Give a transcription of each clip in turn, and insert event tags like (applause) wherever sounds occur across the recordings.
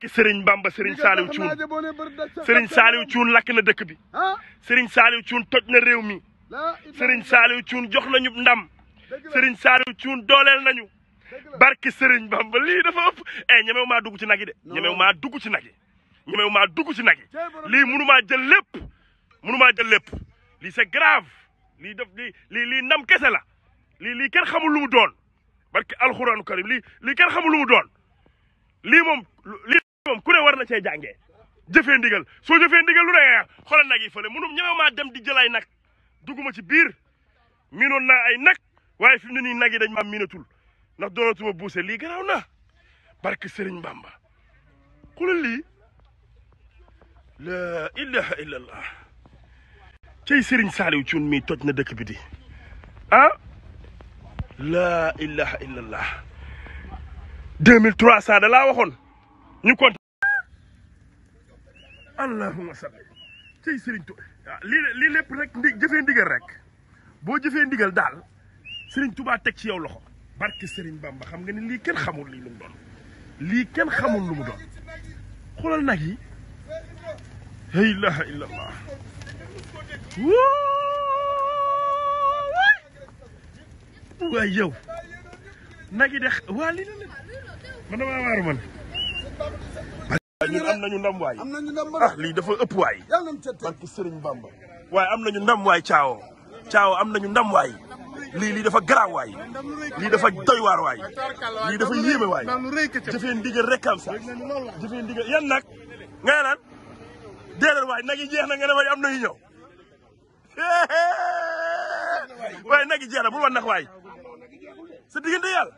barki Serigne Bamba Serigne Saliou Thioune Serigne Saliou Thioune lakk na dëkk bi Serigne Saliou Thioune toj na réew mi Serigne Saliou Thioune jox nañu ndam sëriñ Saliou Thioune dooleel nañu barki sëriñ Bamba lii dafa ëpp eh ñemewu maa dugg ci nag yi de ñemewu maa dugg ci nag yi ñemewu maa dugg ci nag lii lii maa jël lépp maa jël lépp lii c'est grave lii def lii ndam kese la lii lii kenn xamul lu doon barki alxuraanu karim lii lii kenn xamul lu doon lii moom lii moom ku ne war na cee jàngee jëfee ndigal soo jëfee ndigal lu ne xoolal nag yi fële munum ñememaa dem di jël ay nag dugguma ci biir miinoon na ay nag waaye fi mu ne nii nag yi dañ ma miinatul ndax doonatuma buuse lii garaaw na barke Sëriñ Bamba xulal lii la ilaha illallah cey Sëriñ Saaliw Cuun mii toj na dëkk bi di ah la ilaha illallah deux trois cent laa waxoon ñu kontaan. allahumma salli tey Serigne Touba ah, lii lii lépp rek ndi jëfee ndigal rek boo jëfee ndigal daal Serigne Touba teg ci yow loxo barke Serigne Bamba xam nga ni lii kenn xamul lii lu mu doon lii kenn xamul lu mu doon xoolal nag yi. la ilaha illallah waay yow nag yi de waa lii la man damaa waaru man. ñun am nañu ndam waay ah lii dafa ëpp waay barki Sëriñ Bamba waaye am nañu ndam waay Thiaw Thiaw am nañu ndam waay lii lii dafa garaaw waay lii dafa doy waar waay lii dafa yéeme waay jëfee ndigal rek am sax jëfee ndigal yan nag nga naan déedéet waay nag yi jeex na nga ne waay am nañu ñëw (laughs) waaye nag yi jeex na bul wax nag waay sa diggante yàlla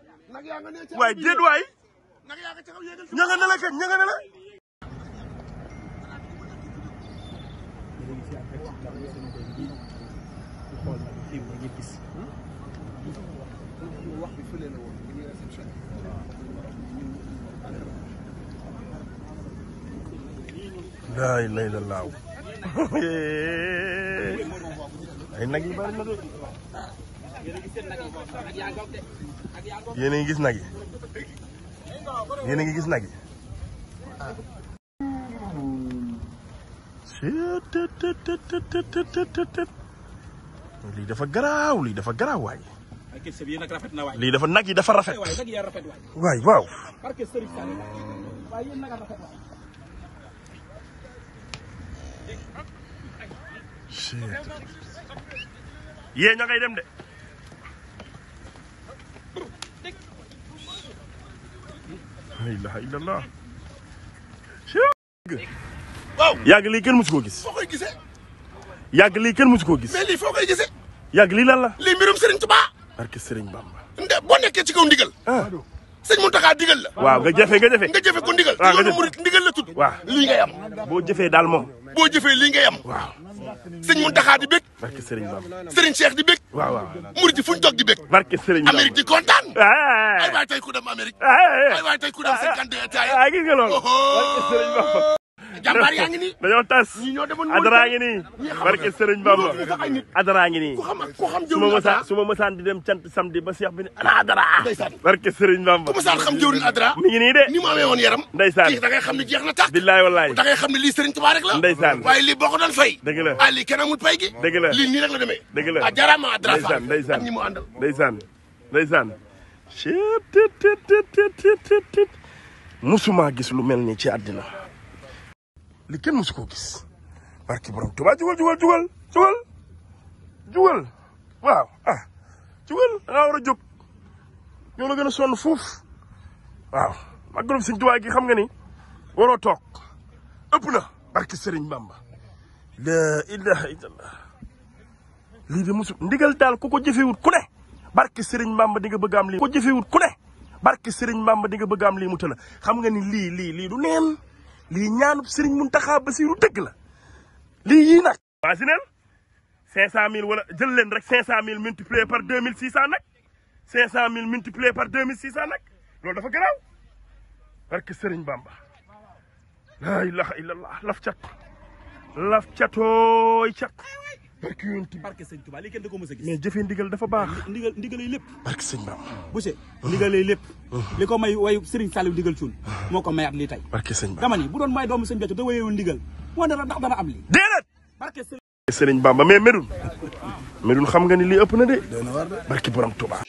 waaye déet waay ña nga ne la kañ ña nga ne la. laa ilaaha illallaah nag yi bari na de yéen a nag yéen a ngi gis nag yi lii dafa garaaw lii dafa garaaw waay lii dafa nag yi dafa rafet waay waaw yée ña dem de la ilaha illallah waaw yàgg lii kenn musu koo gis foo koy gisee yàgg lii kenn musu koo gis mais lii foo koy gisee yàgg lii lan la lii mbirum Serigne Touba barke Serigne Bamba nde boo nekkee ci kaw ndigal ah. sëñ Mountakha digal la waaw nga jëfe nga jëfe nga jëfe ko ndigal ah, yoonu murit ndigal la tudd waaw lii ngay am boo jëfee daal moom boo jëfee lii nga am waaw sëñ Muntaxa di bég. barke Serigne Bamba Serigne di bég. waaw waaw murid yi fu ñu toog di bég. barke Serigne Bamba Amérique di kontaan. Ah, ah, ah. ay waay tey ku dem Amérique. ay waay tey ku dem cinquante états yi. gis nga loolu barke Serigne jàmbaar yaa ngi nii dañoo tas adara ngi nii barke Sëriñ Bamba adara ngi nii su ma mësaan su ma mësaan di dem cant samedi ba Cheikh bi ne ana adara barke Sëriñ Bamba ku mësaan xam jëwriñ adara mi ngi nii de ni mu amee woon yaram ndeysaan da ngay xam ne jeex na tax billaay wallaay da ngay xam ne lii Sëriñ Tuubaa rek la ndeysaan waaye lii boo ko doon fay dëgg la ah lii kenn amul pay gi dëgg la lii nii rek la demee dëgg la ah, lu mel ni ci àddina li kenn mosu koo gis barki borom Tuubaa jugal jugal jugal jugal waaw ah jugal da ngaa war a ñoo la gën a sonn fuuf waaw màggalu Sëriñ Tuubaa gi xam nga ni waroo toog ëpp na barki Sëriñ Bamba la ilaha illallah lii de mosu ndigal daal ku ko jëfewut ku ne barki Sëriñ Bamba di nga bëgg am lii ko jëfewut ku ne barki Sëriñ Bamba di nga bëgg am lii mu tëla xam nga ni lii lii lii du neen lii ñaanub sëriñ Muntaxa Basiru dëgg la lii yii nag. imaginel 500000 wala jël leen rek cinq 500000 multiplié par mil 2600 nag 500000 multiplié par 2600 nag loolu dafa garaaw barke sëriñ Bamba la ilaha illallah laf cat laf catooy cat. barke yonent bi barke sëñ Tuba lii kenn da ko mës a gis. mais jëfee ndigal dafa baax. ndigal ndigalay lépp. barke sëñ Bamba. Boucher ndigalay lépp. li ko may wayu Serigne Saliou ndigal cuun moo ko may doomu sëñ Béthio te wayewul ndigal moo ne ndax dana am lii. déedéet barke sëñ. (laughs) xam nga ni lii ëpp na de. barke borom Tuba.